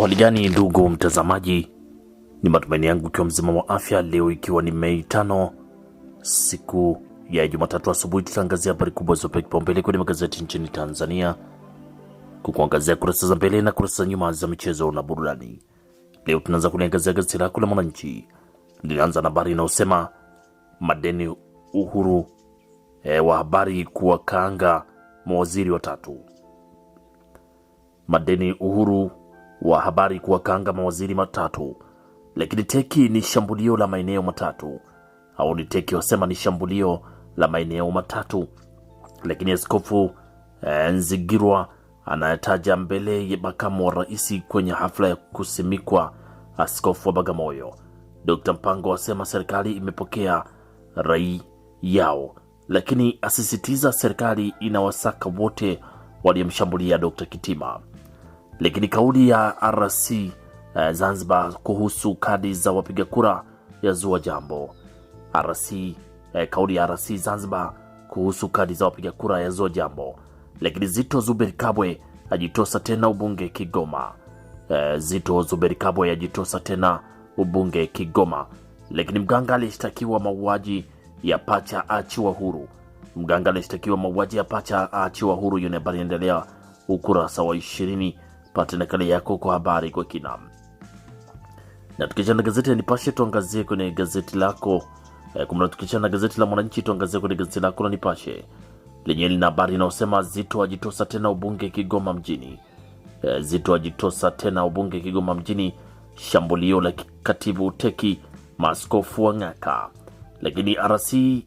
Hali gani ndugu mtazamaji, ni matumaini yangu ikiwa mzima wa afya. Leo ikiwa ni Mei tano, siku ya Jumatatu asubuhi, tutaangazia habari kubwa zilizopewa kipaumbele kwenye magazeti nchini Tanzania, kukuangazia kurasa za mbele na kurasa za nyuma za michezo na burudani. Leo tunaanza kuliangazia gazeti lako la Mwananchi, linaanza na habari inayosema madeni uhuru e, wa habari kuwakaanga mawaziri watatu. Madeni uhuru wa habari kuwakanga mawaziri matatu, lakini teki ni shambulio la maeneo matatu, au ni teki wasema ni shambulio la maeneo matatu, lakini askofu eh, Nzigirwa anayetaja mbele ya makamu wa rais kwenye hafla ya kusimikwa askofu wa Bagamoyo. Dkt Mpango asema serikali imepokea rai yao, lakini asisitiza serikali inawasaka wote waliomshambulia Dkt Kitima. Lakini kauli ya RC eh, Zanzibar kuhusu kadi za wapiga kura yazua jambo. RC eh, kauli ya RC Zanzibar kuhusu kadi za wapiga kura yazua jambo. Lakini Zito Zuberi Kabwe ajitosa tena ubunge Kigoma. Eh, Zito Zuberi Kabwe ajitosa tena ubunge Kigoma. Lakini mganga alishtakiwa mauaji ya pacha achiwa huru. Mganga alishtakiwa mauaji ya pacha achiwa huru. Hiyo ni habari inaendelea ukurasa wa ishirini pate nakala yako kwa habari kwa kina. Na tukiachana na gazeti ya Nipashe, tuangazie kwenye gazeti lako eh, kumna. Tukiachana na gazeti la Mwananchi, tuangazie kwenye gazeti lako la Nipashe lenyewe lina habari inayosema Zito ajitosa tena ubunge Kigoma mjini. Eh, Zito ajitosa tena ubunge Kigoma mjini, shambulio la katibu uteki maaskofu wang'aka. ng'aka. Lakini RC eh,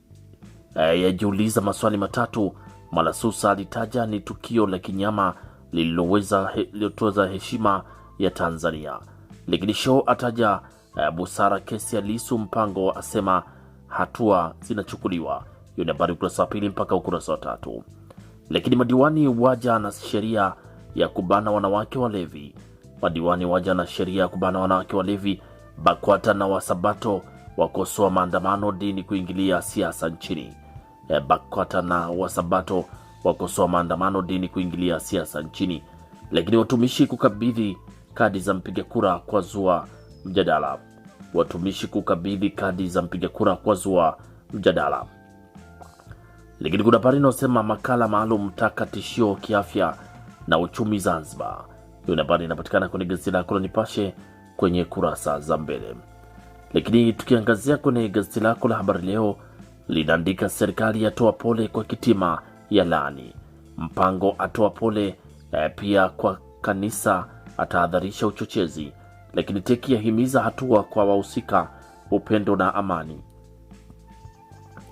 yajiuliza maswali matatu, Malasusa alitaja ni tukio la kinyama lililotoza heshima ya Tanzania. Lakini Show ataja uh, busara kesi ya Lisu Mpango, asema hatua zinachukuliwa. Hiyo ni habari ukurasa wa pili mpaka ukurasa wa tatu. Lakini madiwani waja na sheria ya kubana wanawake walevi. Madiwani waja na sheria ya kubana wanawake walevi. BAKWATA na wasabato wakosoa maandamano dini kuingilia siasa nchini. Eh, BAKWATA na wasabato wakosoa maandamano dini kuingilia siasa nchini, lakini watumishi kukabidhi kadi za mpiga kura kwa zua mjadala. Watumishi kukabidhi kadi za mpiga kura kwa zua mjadala. Lakini kuna habari inayosema makala maalum taka tishio kiafya na uchumi Zanzibar. Hiyo habari inapatikana kwenye gazeti lako la Nipashe kwenye kurasa za mbele. Lakini tukiangazia kwenye gazeti lako la Habari Leo linaandika serikali yatoa pole kwa Kitima ya laani. Mpango atoa pole eh, pia kwa kanisa, atahadharisha uchochezi, lakini Teki yahimiza hatua kwa wahusika, upendo na amani.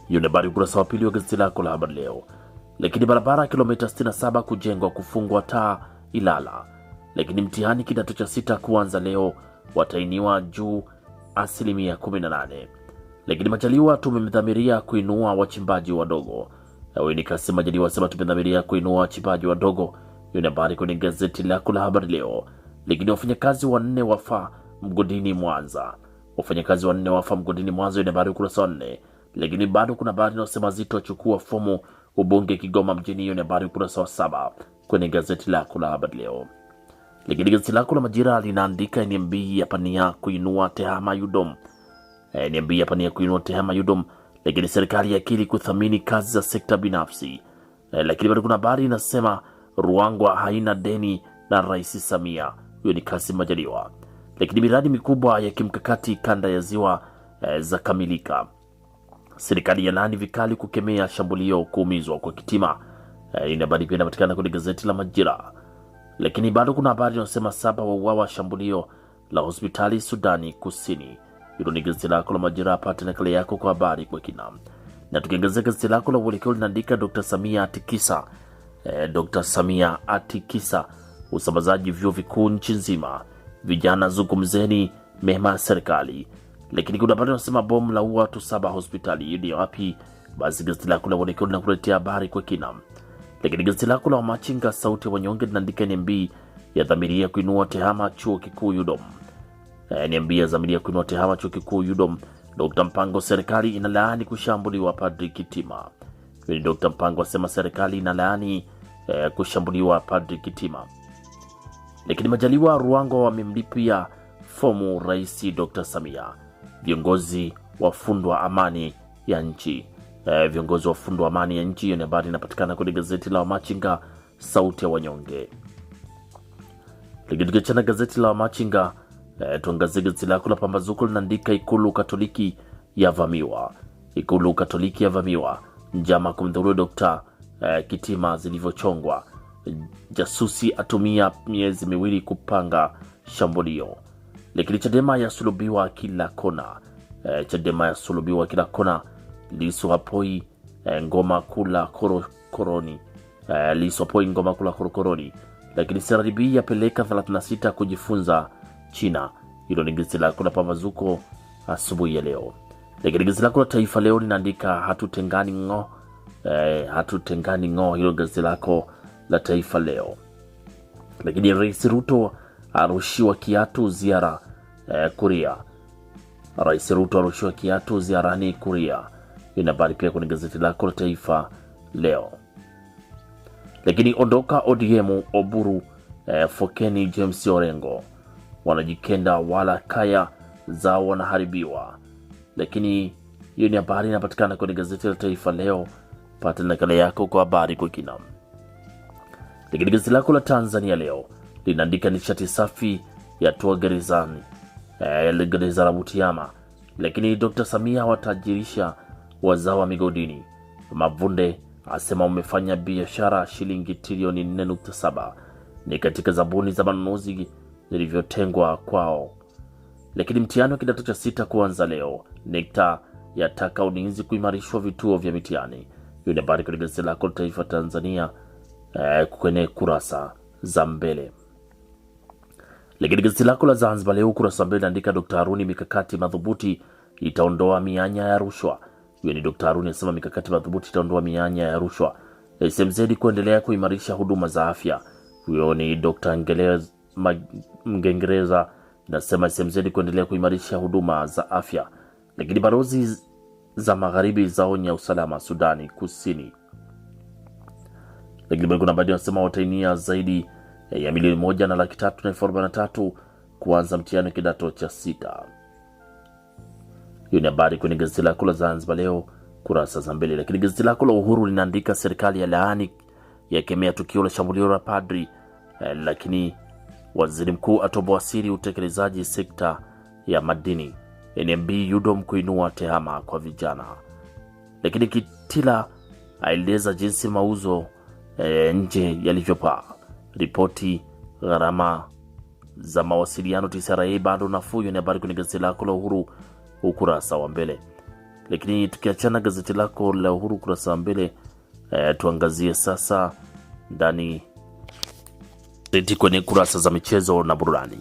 Hiyo ni habari ukurasa wa pili wa gazeti lako la habari leo. Lakini barabara kilomita 67 kujengwa kufungwa taa Ilala. Lakini mtihani kidato cha sita kuanza leo, watainiwa juu asilimia 18. Lakini Majaliwa tumemdhamiria kuinua wachimbaji wadogo na Nawe nikasema Majaliwa asema tumedhamiria kuinua wachimbaji wadogo. Hiyo ni habari kwenye gazeti lako la habari leo. Lakini wafanyakazi wanne wafa mgodini Mwanza, wafanyakazi wanne wafa mgodini Mwanza. ni habari ukurasa wa nne. Lakini bado kuna habari inayosema Zito achukua fomu ubunge Kigoma mjini. Hiyo ni habari ukurasa wa saba kwenye gazeti lako la habari leo. Lakini gazeti lako la Majira linaandika NMB yapania kuinua tehama Yudom, eh, NMB yapania kuinua tehama Yudom lakini serikali yakiri kuthamini kazi za sekta binafsi. Eh, lakini bado kuna habari inasema Ruangwa haina deni na Rais Samia, huyo ni Kassim Majaliwa. Lakini miradi mikubwa ya kimkakati kanda ya ziwa e, eh, za kamilika. Serikali yalaani vikali kukemea shambulio kuumizwa kwa kitima. E, eh, ina habari pia inapatikana kwenye gazeti la Majira. Lakini bado kuna habari inasema saba wauawa shambulio la hospitali Sudani Kusini. Hilo ni gazeti lako la Majira. Pata nakala yako kwa habari kwa kina. Na tukiangazia gazeti lako la Uelekeo linaandika Dr Samia atikisa eh, Dr Samia atikisa usambazaji vyuo vikuu nchi nzima, vijana zungumzeni mema ya serikali. Lakini kuna habari wanasema bomu la ua watu saba hospitali iliyo wapi? Basi gazeti lako la Uelekeo linakuletea habari kwa kina. Lakini gazeti lako la Wamachinga sauti ya wanyonge linaandika NMB dhamiria kuinua tehama chuo kikuu UDOM Eh, niambia zamiria kuinua tehama chuo kikuu UDOM. Dr Mpango, serikali inalaani kushambuliwa padri Kitima. Dr Mpango asema serikali inalaani eh, kushambuliwa padri Kitima. Lakini Majaliwa Ruango wamemlipia fomu Rais Dr Samia. Viongozi wafundwa amani ya nchi eh, viongozi wafundwa amani ya nchi. Hiyo ni habari inapatikana kwenye gazeti la Wamachinga, sauti ya wanyonge. Lakini tukiachana gazeti la Wamachinga E, tuangazie gazeti lako la Pambazuko linaandika ikulu Katoliki yavamiwa, ikulu Katoliki yavamiwa, njama kumdhuru Dr. e, Kitima zilivyochongwa, jasusi atumia miezi miwili kupanga shambulio, lakini Chadema yasulubiwa kila kona. E, Chadema yasulubiwa kila kona. Lisu hapoi e, ngoma kula koroni e, Lisu hapoi ngoma kula korokoroni, lakini CRDB yapeleka 36 kujifunza China. Hilo ni gazeti lako la pambazuko asubuhi ya leo. Lakini gazeti lako la Taifa Leo linaandika hatutengani ng'o, eh, hatutengani ng'o. Hilo gazeti lako la Taifa Leo. Lakini Rais Ruto arushiwa kiatu ziara eh, Kuria. Rais Ruto arushiwa kiatu ziarani Kuria. Hiyo ni habari pia kwenye gazeti lako la Taifa Leo. Lakini ondoka ODM Oburu, eh, Fokeni James Orengo wanajikenda wala kaya zao wanaharibiwa. Lakini hiyo ni habari inapatikana kwenye gazeti la Taifa Leo. Pata nakala yako kwa habari kwa kina. Lakini gazeti lako la Tanzania Leo linaandika nishati safi yatoa gerezani e, gereza la Butiama. Lakini Dr Samia watajirisha wazao wa migodini. Mavunde asema umefanya biashara shilingi trilioni 4.7 ni katika zabuni za manunuzi nilivyotengwa kwao. Lakini mtihani wa kidato cha sita kuanza leo. NECTA yataka ulinzi kuimarishwa vituo vya mitihani. Hiyo ni habari kwenye gazeti lako la Taifa Tanzania eh, kwenye kurasa za mbele. Lakini gazeti lako la Zanzibar Leo kurasa za mbele inaandika Dr. Haruni, mikakati madhubuti itaondoa mianya ya rushwa. Hiyo ni Dr. Haruni anasema mikakati madhubuti itaondoa mianya ya rushwa. SMZ kuendelea kuimarisha huduma za afya. Huyo ni Dr. Ngeleo Mgengereza inasema SMZ kuendelea kuimarisha huduma za afya, lakini balozi za magharibi zaonya usalama Sudani Kusini. Lakini kuna baadhi wanasema watainia zaidi ya milioni moja na laki tatu na elfu arobaini na tatu kuanza mtihani kidato cha sita. Hiyo ni habari kwenye gazeti lako la Zanzibar Leo kurasa za mbele. Lakini gazeti lako la Uhuru linaandika serikali ya laani yakemea tukio la shambulio la padri eh, lakini Waziri Mkuu atoboa siri utekelezaji sekta ya madini. NMB Yudom kuinua tehama kwa vijana. Lakini Kitila aeleza jinsi mauzo e, nje yalivyopaa. Ripoti gharama za mawasiliano TCRA bado nafuu. Ni habari kwenye gazeti lako la Uhuru ukurasa wa mbele. Lakini tukiachana gazeti lako la Uhuru ukurasa wa mbele e, tuangazie sasa ndani Gazeti kwenye kurasa za michezo na burudani.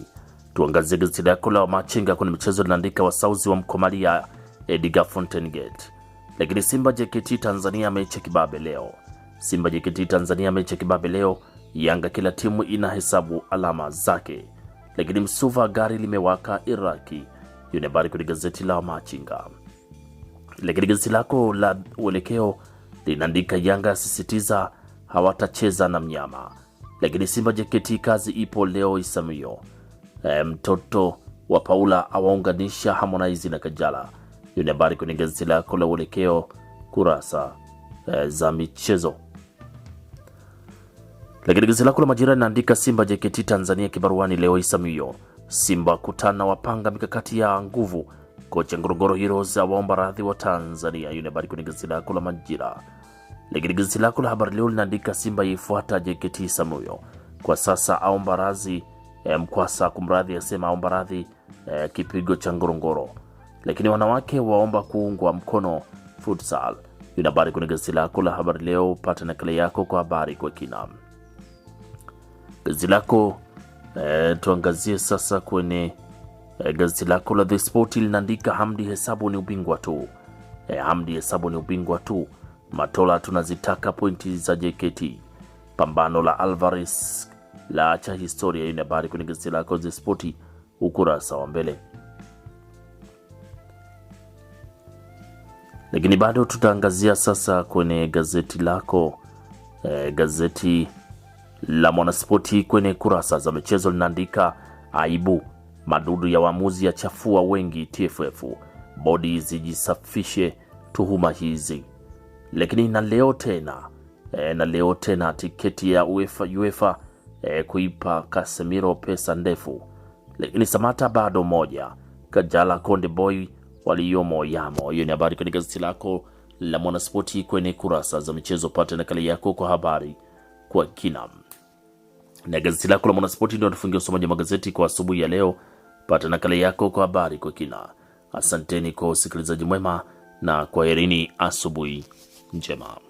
Tuangazie gazeti lako la Machinga kwenye michezo linaandika wasauzi wa mkomalia Edgar Fountain Gate. Lakini Simba JKT Tanzania mechi kibabe leo. Simba JKT Tanzania mechi kibabe leo. Yanga kila timu inahesabu alama zake. Lakini Msuva gari limewaka Iraki. Hiyo ni habari kwenye gazeti la Machinga. Lakini gazeti lako la Uelekeo linaandika Yanga sisitiza hawatacheza na mnyama lakini Simba JKT kazi ipo leo Isamio. E, mtoto wa Paula awaunganisha Harmonize na Kajala. Hiyo ni habari kwenye gazeti lako la Uelekeo kurasa e, za michezo. Lakini gazeti lako la Majira linaandika Simba JKT Tanzania kibaruani leo Isamio. Simba kutana wapanga mikakati ya nguvu. Kocha Ngorongoro Heroes awaomba radhi wa Tanzania. Hiyo ni habari kwenye gazeti lako la Majira. Lakini gazeti lako la Habari Leo linaandika Simba yaifuata JKT Samuyo kwa sasa, aomba radhi eh, Mkwasa kumradhi, asema aomba radhi eh, kipigo cha Ngorongoro. Lakini wanawake waomba kuungwa mkono futsal. Hiyo habari kwenye gazeti lako la Habari Leo, pata nakala yako kwa habari kwa kina. Gazeti lako eh, tuangazie sasa kwenye eh, gazeti lako la The Sport linaandika Hamdi hesabu ni ubingwa tu eh, Hamdi hesabu ni ubingwa tu Matola, tunazitaka pointi za JKT. Pambano la Alvarez acha historia. Hii ni habari kwenye gazeti lako The Sport ukurasa wa mbele. Lakini bado tutaangazia sasa kwenye gazeti lako e, gazeti la Mwanaspoti kwenye kurasa za michezo linaandika aibu, madudu ya waamuzi ya chafua wengi TFF, bodi zijisafishe tuhuma hizi lakini na leo tena e, na leo tena tiketi ya UEFA, UEFA e, kuipa Casemiro pesa ndefu, lakini Samata bado moja Kajala Konde Boy waliyomo yamo. Hiyo ni habari kwenye gazeti lako la Mwanaspoti kwenye kurasa za michezo. Pata nakala yako kwa habari kwa kina na gazeti lako la Mwanaspoti ndio tufungia usomaji wa magazeti kwa asubuhi ya leo. Pata nakala yako kwa habari kwa kina. Asanteni kwa usikilizaji mwema na kwaherini, asubuhi 你干嘛？